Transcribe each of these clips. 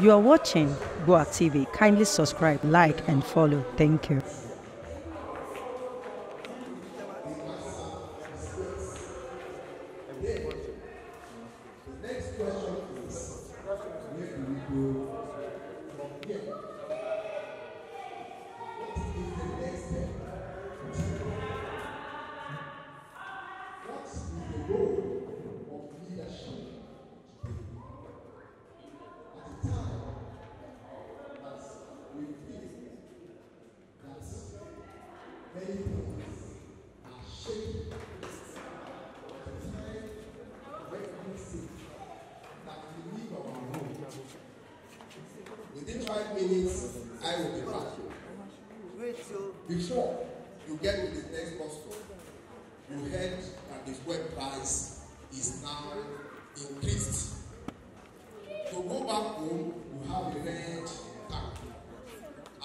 You are watching Goa TV. Kindly subscribe, like, and follow. Thank you.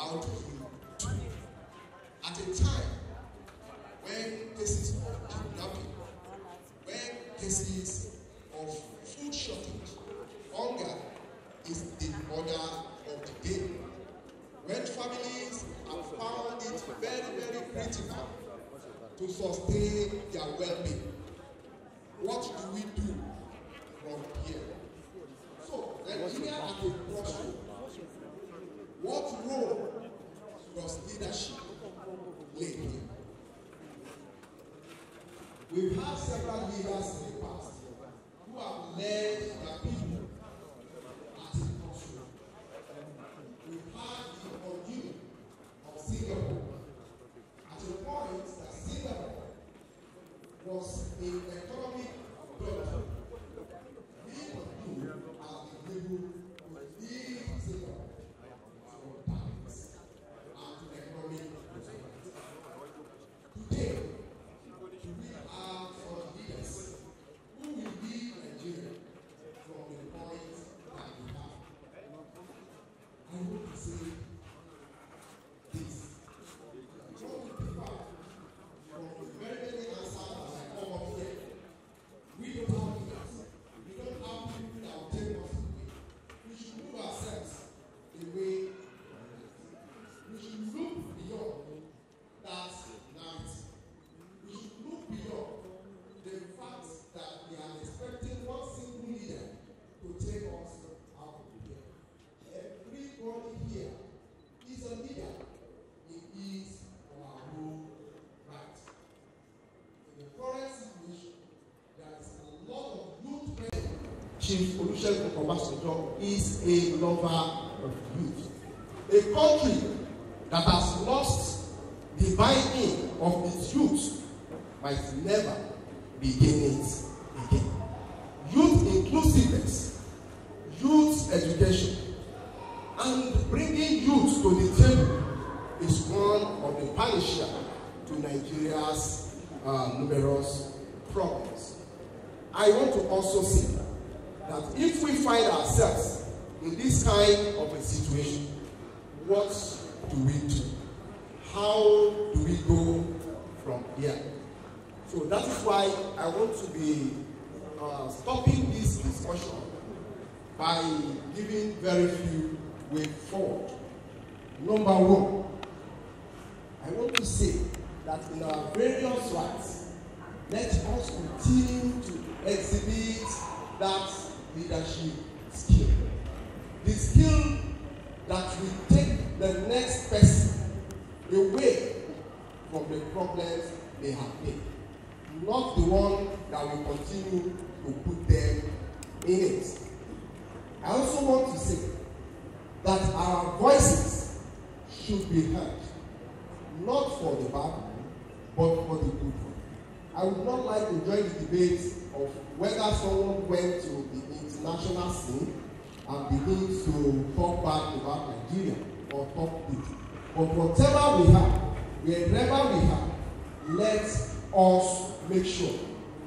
out of you At a time when cases of kidnapping, when cases of food shortage, hunger is the order of the day. When families have found it very, very critical to sustain their well-being. Chief Olusegun Obasanjo is a lover of youth. A country that has lost the binding of its youth might never begin it again. Youth inclusiveness, youth education, and bringing youth to the table is one of the panacea to Nigeria's uh, numerous problems. I want to also say that that if we find ourselves in this kind of a situation, what do we do? How do we go from here? So that is why I want to be uh, stopping this discussion by giving very few way forward. Number one, I want to say that in our various rights, let us continue to exhibit that leadership skill. The skill that will take the next person away from the problems they have made, not the one that will continue to put them in it. I also want to say that our voices should be heard, not for the bad, one, but for the good. one. I would not like to join the debate of whether someone went to the international scene and begin to talk bad about Nigeria or talk big. But whatever we have, wherever we have, let us make sure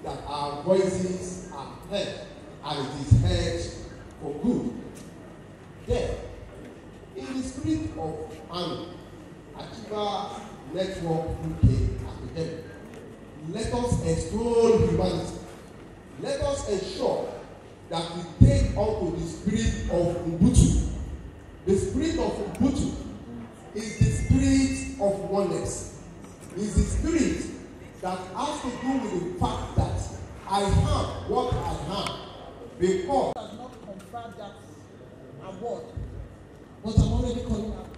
that our voices are heard and it is heard for good. Then, in the spirit of AMI, Akiba Network UK Academic, let us extol humanity Let us ensure that we take unto the spirit of Ubuntu. The spirit of Ubuntu is the spirit of oneness. Is the spirit that has to do with the fact that I am what I am because. Does not confirm that award, but I'm already calling out.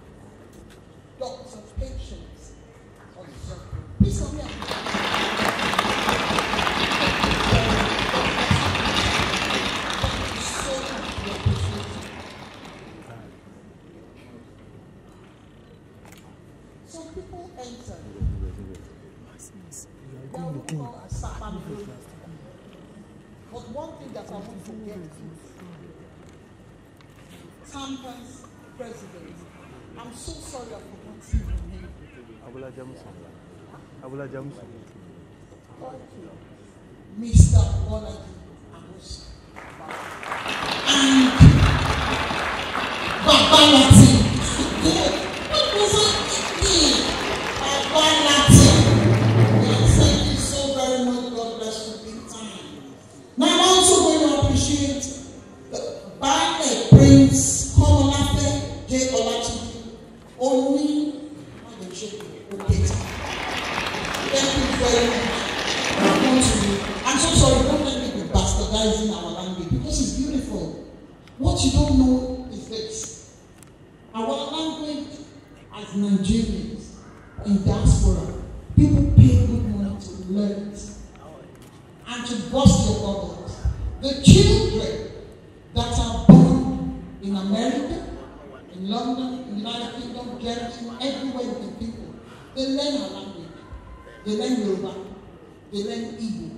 Mr. Ah, and God bless jẹ́ mùsùlùmí. Mr. Bọ́lájí Àmúṣe. Bàbá Latin. Prince Komolafe Deolatu Oni Adejobi them come I'm so sorry, don't let me be bastardizing our language because it's beautiful. What you don't know is this. Our language as Nigerians in diaspora, people pay good money to learn it and to bust their bubbles. The children that are born in America, in London, in the United Kingdom, Germany, everywhere with the people, they learn how they learn Yoruba, they learn Igbo.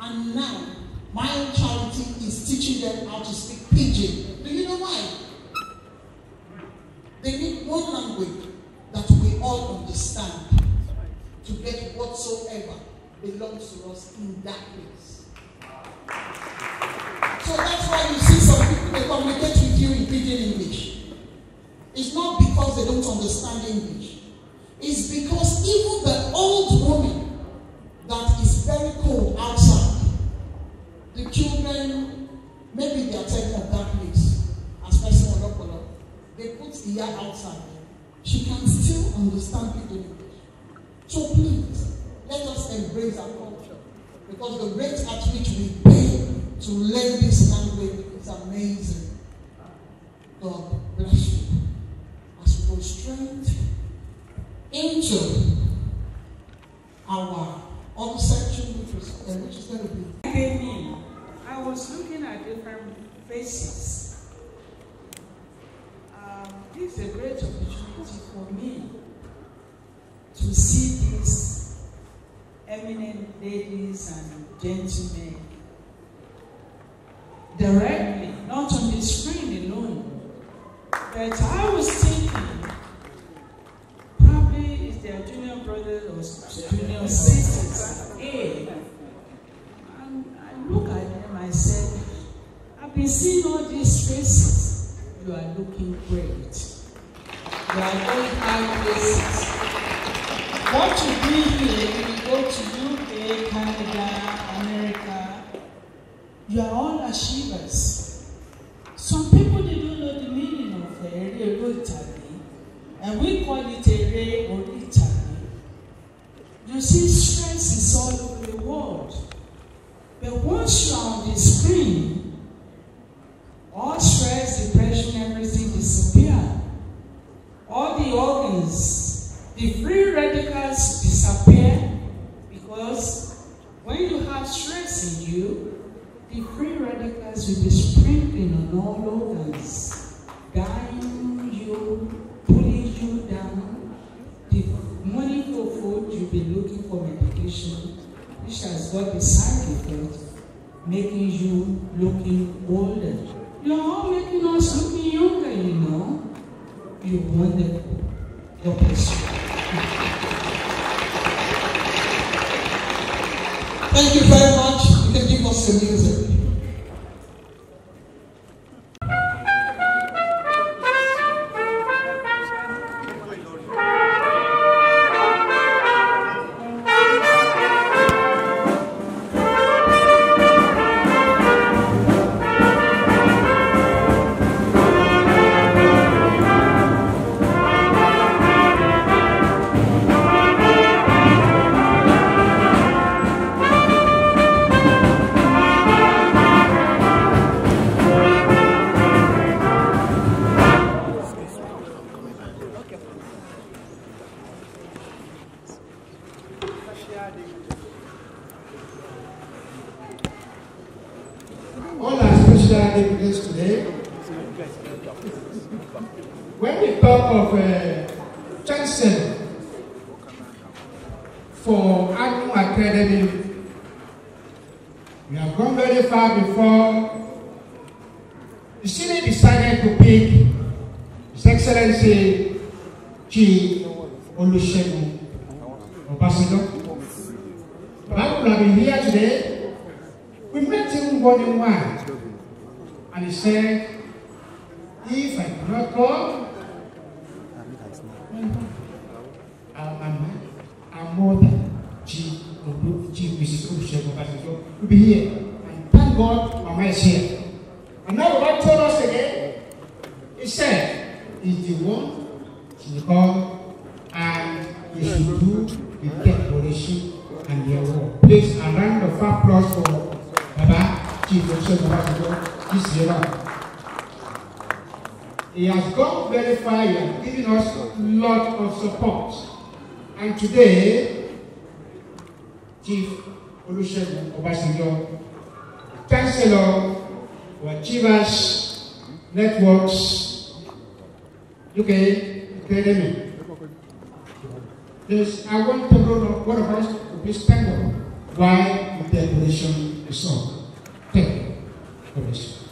And now, my charity is teaching them how to speak Pidgin. Do you know why? They need one language that we all understand to get whatsoever belongs to us in that place. So that's why you see some people, they communicate with you in Pidgin English. It's not because they don't understand English. It's because the outside. She can still understand the English. So please, let us embrace our culture. Because the rate at which we pay to learn this language is amazing. God to see these eminent ladies and gentlemen directly, not on the screen alone. But I was thinking, probably it's their junior brothers or junior sisters. Hey. And I look at them, I said, I've been seeing all these faces. You are looking great. You are going high places. Thank you. making you looking older. You're making us looking younger, you know. You wonderful. God bless you. Thank you very much. You can give us the music. service today. when we talk of uh, chancellor for Anu Academy, we have gone very far before the city decided to pick His Excellency G. Olusegun Obasanjo. But I would have been here today. We met him one in one. And he said, If I do not come, I'm, I'm more than G, G Mrs. Olusegun Obasanjo will be here. And thank God Mama is here. And now God told us again, He said, 'If you want to come and you should do the decoration and the award. Please, a the of applause for Baba Chief Olusegun Obasanjo this year. He has gone very far. He has given us a lot of support. And today, Chief Olusegun Obasanjo, Chancellor for Achievers Networks UK Academy. This I want to know one of us to be stand up while the decoration is on. Thank you. God you.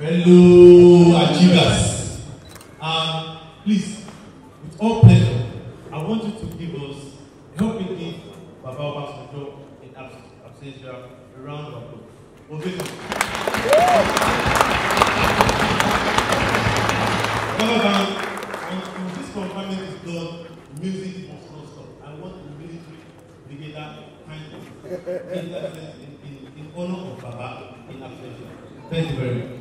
Velu. Thank you very much.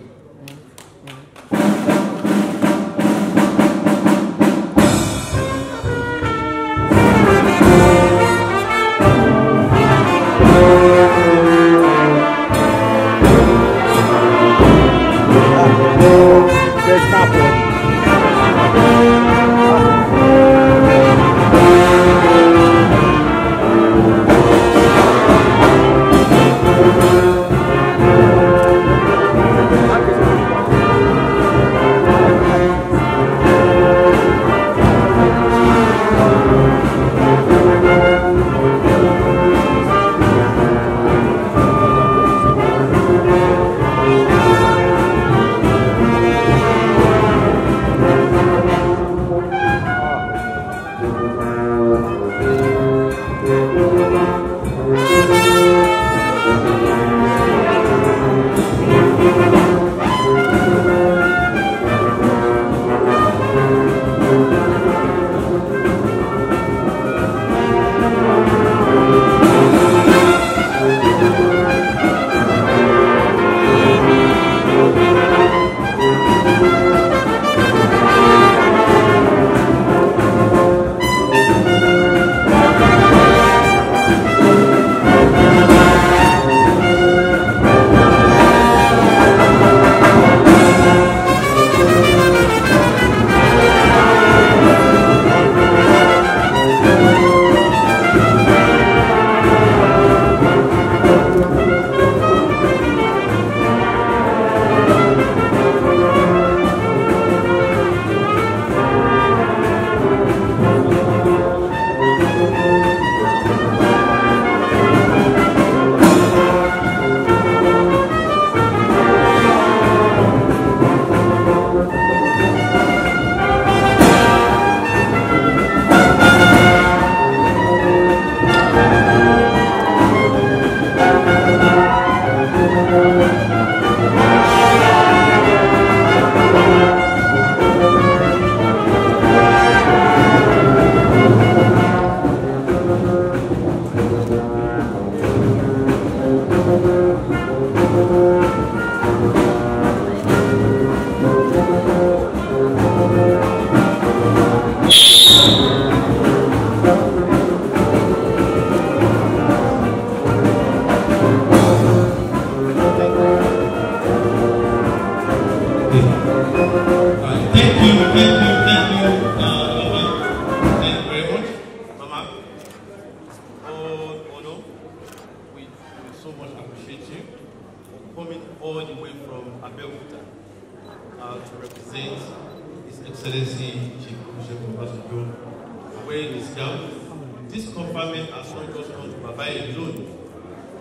in this confinement has not just come to Baba alone,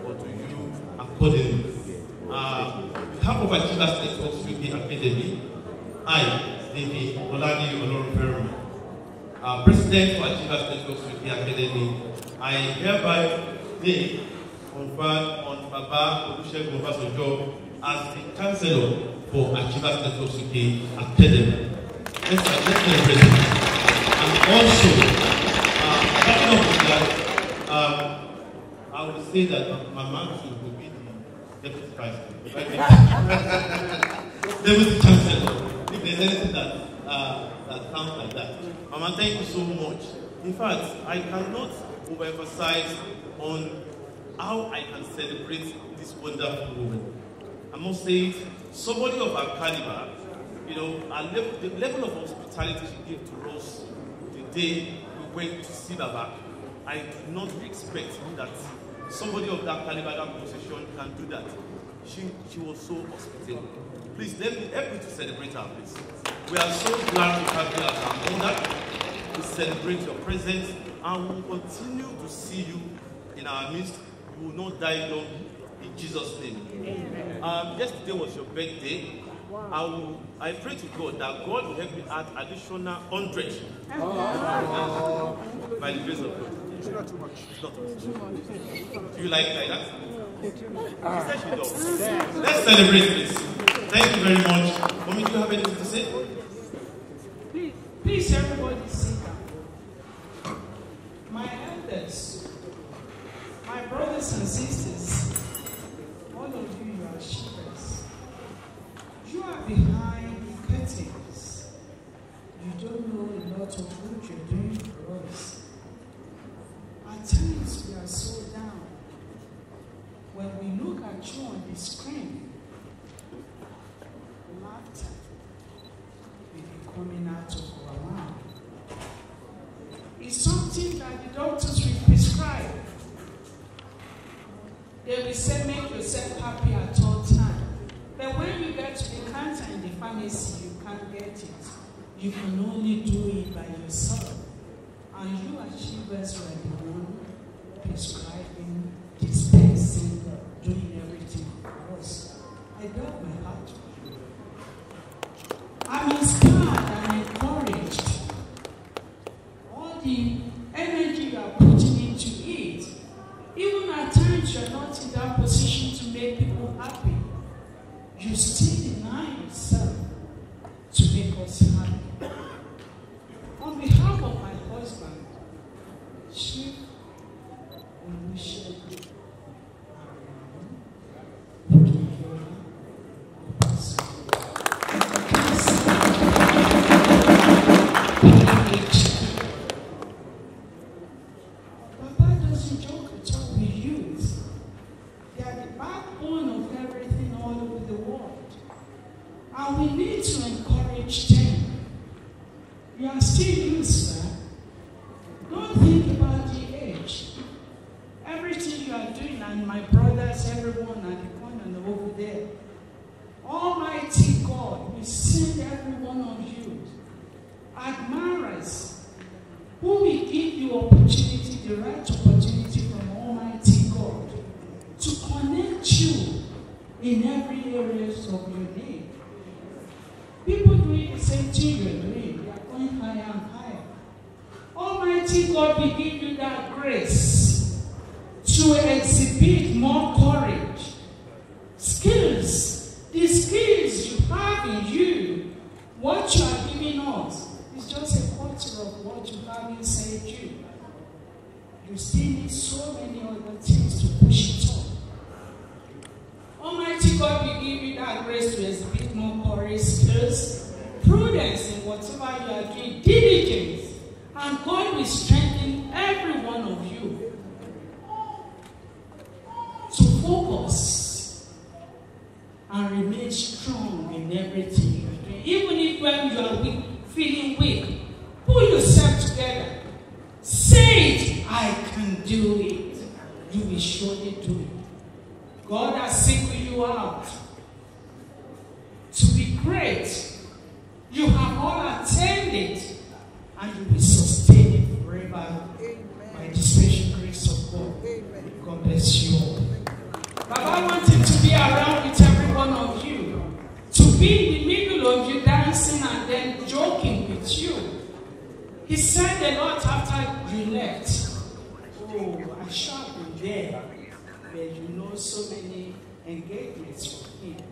but to you accordingly. Uh, half of our teachers in Oxford Academy, I, David Olani Olorunferun, uh, President of Achievers Network Security Academy, I hereby today confer on Baba Olusegun Obasanjo as the Chancellor for Achievers Network Security Academy. Let's, let's celebrate. And also, I would say that my mom should be the deputy vice deputy chancellor. If there's anything that uh, that sounds like that, Mama, thank you so much. In fact, I cannot overemphasize on how I can celebrate this wonderful woman. I must say, somebody of her caliber, you know, level, the level of hospitality she gave to us the day we went to see Babak I did not expect that somebody of that caliber, that position can do that. She, she was so hospitable. Please, let me help you to celebrate our place. We are so glad to have you as our owner to celebrate your presence and we will continue to see you in our midst. You will not die alone in Jesus' name. Amen. Um, yesterday was your birthday. Wow. I, will, I pray to God that God will help me add additional 100 by the grace of God. It's not too much. It's not too much. Do you like like that? Ah. Let's celebrate this. Thank you very much. Mommy, do you have anything to say? Please, please everybody sit down. My elders, my brothers and sisters, all of you, you are shepherds. You are behind the curtains. You don't know a lot of what you're doing for us. At times we are so down. When we look at you on the screen, laughter will be coming out of our mouth. It's something that the doctors will prescribe. They will say, make yourself happy at all times. But when you get to the counter in the pharmacy, you can't get it. You can only do it by yourself. And you achieve as well. Aye. really not. It's just a quarter of what you have inside you. You still need so many other things to push it up. Almighty God will give you that grace to exhibit more courage, skills, prudence in whatever you are doing, diligence, and God will strengthen every one of you to focus and remain strong in everything you are doing. Even if when you are feeling weak, pull yourself together. Say it, I can do it. You will surely do it. God has singled you out to be great. You have all attained it, and you will sustain it forever Amen. by the special grace of God. Amen. God bless you all. I wanted to be around with every one of you, to be in the middle of you dancing and then joking with you. He sent the lot after you left. Oh, I shall be there. where you know so many engagements from him.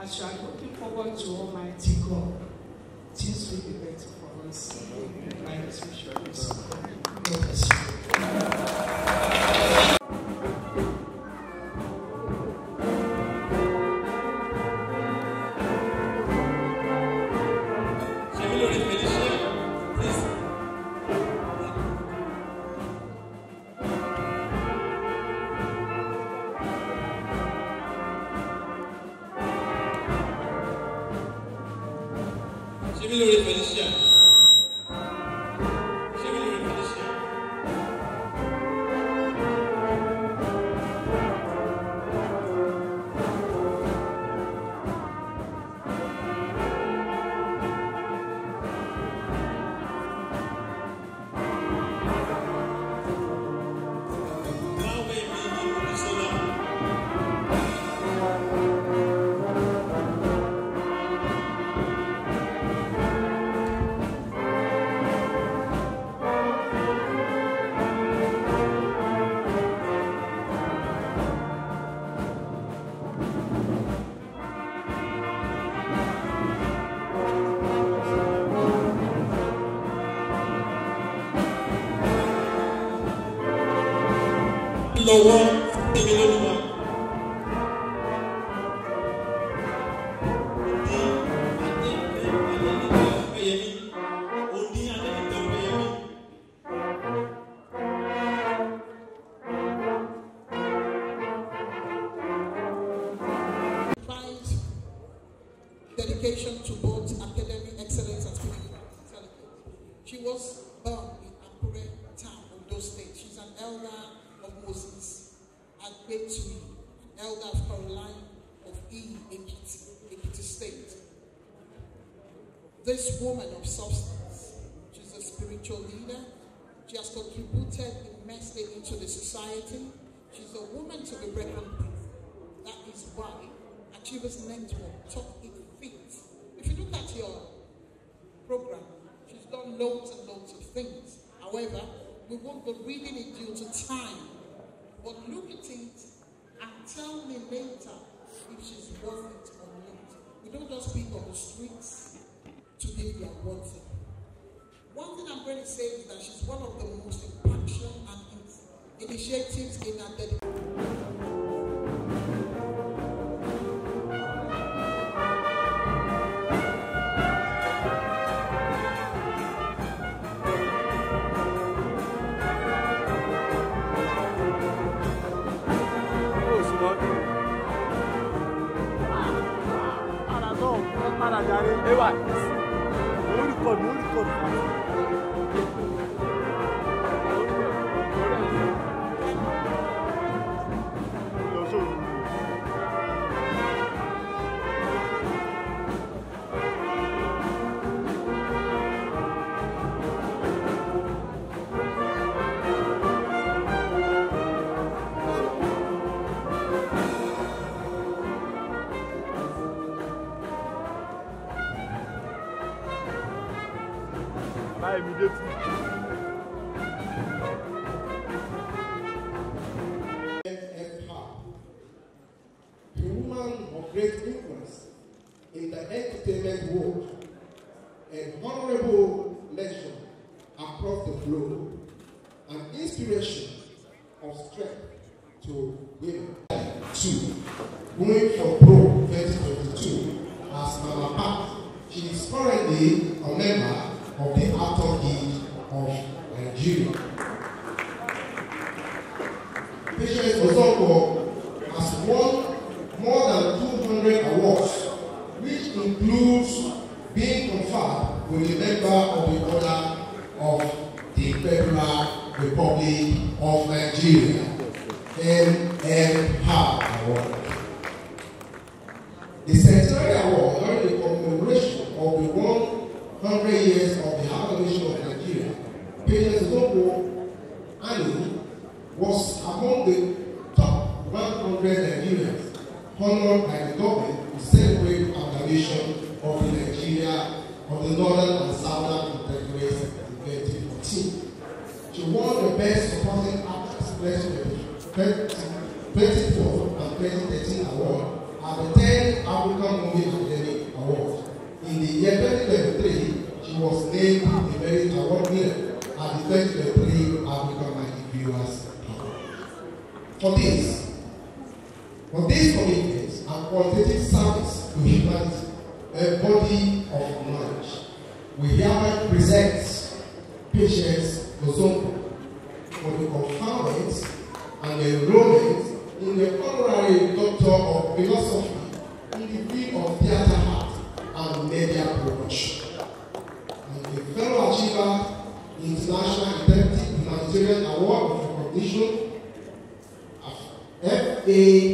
As you are looking forward to Almighty God, things will be better for us by his the world. elder of Caroline of E. Ekiti, Ekiti State. This woman of substance, she's a spiritual leader. She has contributed immensely into the society. She's a woman to be reckoned with. That is why Achievers Network took it fit. If you look at your program, she's done loads and loads of things. However, we won't be reading it due to time. But look at it tell me later if she's worth it or not. We don't just speak on the streets to give their worth. One thing I'm going to say is that she's one of the most impactful and initiatives in our dedication. eu acho. Muro por muro, todo currently a member of the Actor Guild of Nigeria. Patience Osoko appropriate at the first play African Magic Viewers For this, for this commitments and qualitative service to humanity, a body of knowledge, we hereby present Patience Ozonko for the conference and enrollment in the honorary Doctor of Philosophy e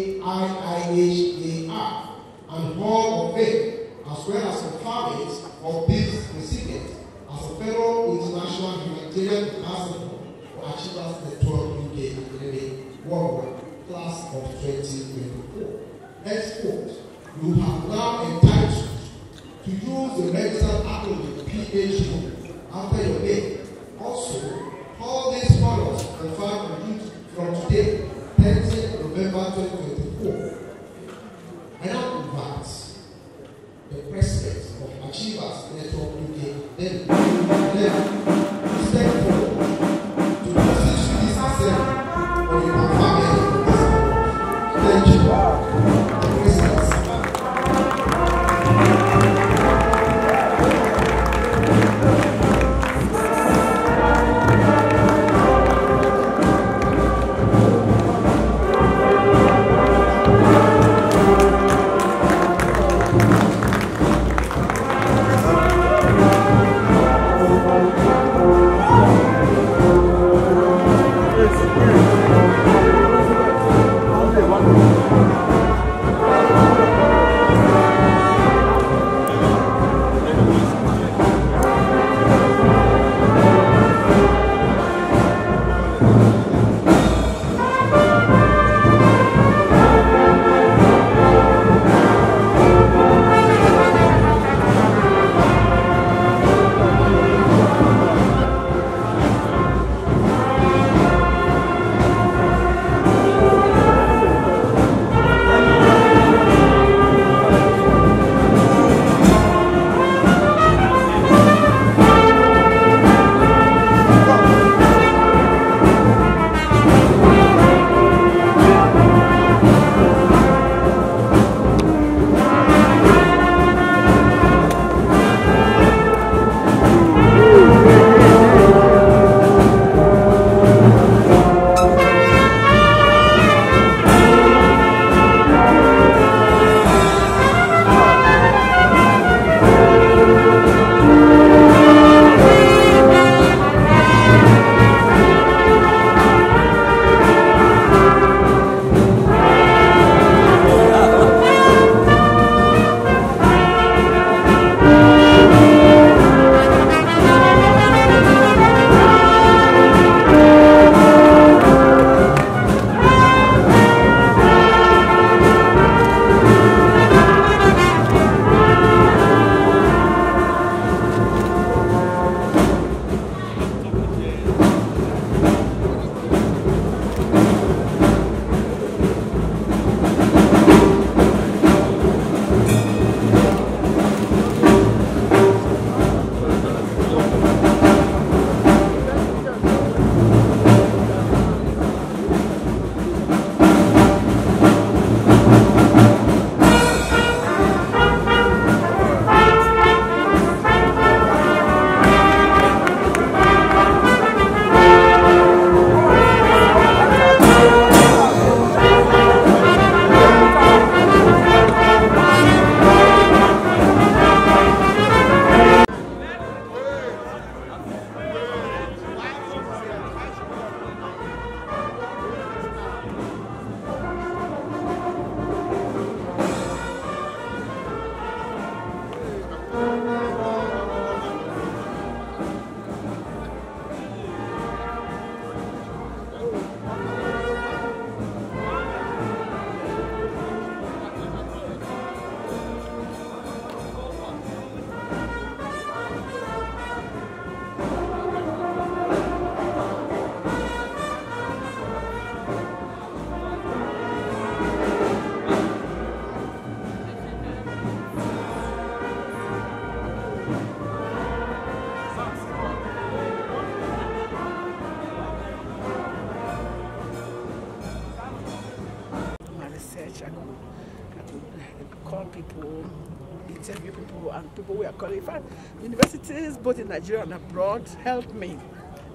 Nigeria and abroad helped me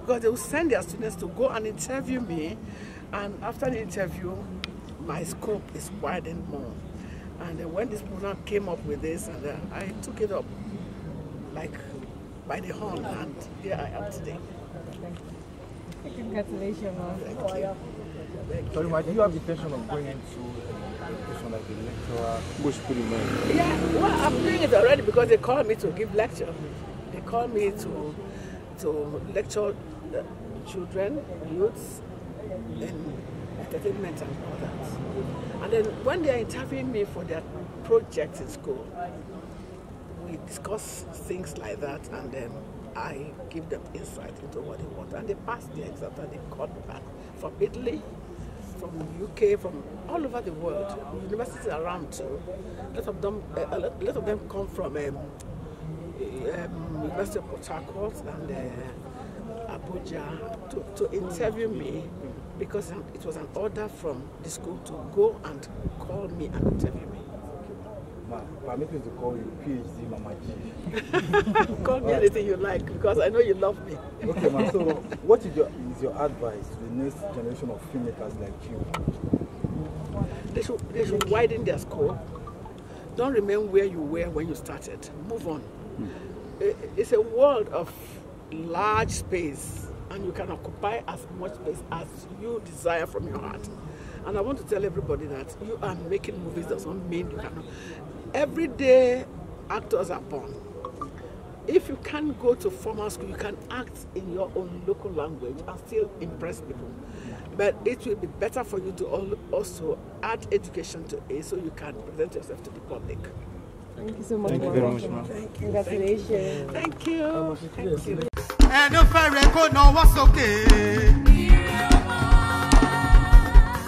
because they will send their students to go and interview me and after the interview my scope is widened more and when this program came up with this and uh, I took it up like by the horn and here I am today. Congratulations, ma'am. Thank you. Sorry, do you have the intention of going into education uh, like a lecturer? Yeah, well, I'm doing it already because they called me to give lecture call me to, to lecture children, youths, in entertainment and all that. And then when they are interviewing me for their projects in school, we discuss things like that and then I give them insight into what they want. And they pass the exam and they come back from Italy, from UK, from all over the world, universities around too. A lot of them, a lot of them come from um, um, let Port Harcourt and uh, Abuja to, to interview me because it was an order from the school to go and call me and interview me. Ma, permit me to call you PhD Mama G. call me anything you like because I know you love me. okay, ma. So, what is your is your advice to the next generation of filmmakers like you? They should they should widen their scope. Don't remain where you were when you started. Move on. It's a world of large space, and you can occupy as much space as you desire from your heart. And I want to tell everybody that you are making movies does not mean you cannot. Every day, actors are born. If you can't go to formal school, you can act in your own local language and still impress people. But it will be better for you to also add education to it so you can present yourself to the public. Thank you so much. Thank you very much, ma'am. Congratulations. Thank you. Thank you. Ẹnu record, kó náwó okay?